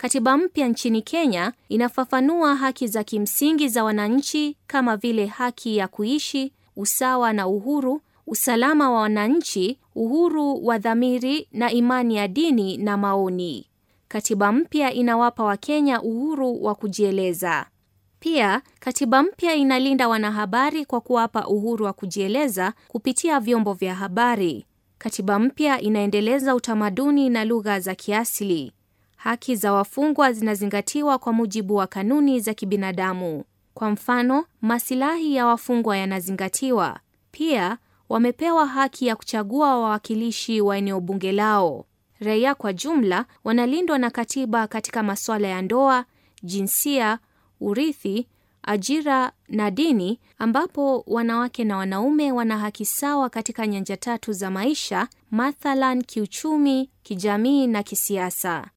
Katiba mpya nchini Kenya inafafanua haki za kimsingi za wananchi kama vile haki ya kuishi, usawa na uhuru, usalama wa wananchi, uhuru wa dhamiri na imani ya dini na maoni. Katiba mpya inawapa Wakenya uhuru wa kujieleza. Pia, katiba mpya inalinda wanahabari kwa kuwapa uhuru wa kujieleza kupitia vyombo vya habari. Katiba mpya inaendeleza utamaduni na lugha za kiasili haki za wafungwa zinazingatiwa kwa mujibu wa kanuni za kibinadamu. Kwa mfano, masilahi ya wafungwa yanazingatiwa. Pia wamepewa haki ya kuchagua wawakilishi wa eneo bunge lao. Raia kwa jumla wanalindwa na katiba katika masuala ya ndoa, jinsia, urithi, ajira na dini, ambapo wanawake na wanaume wana haki sawa katika nyanja tatu za maisha, mathalan kiuchumi, kijamii na kisiasa.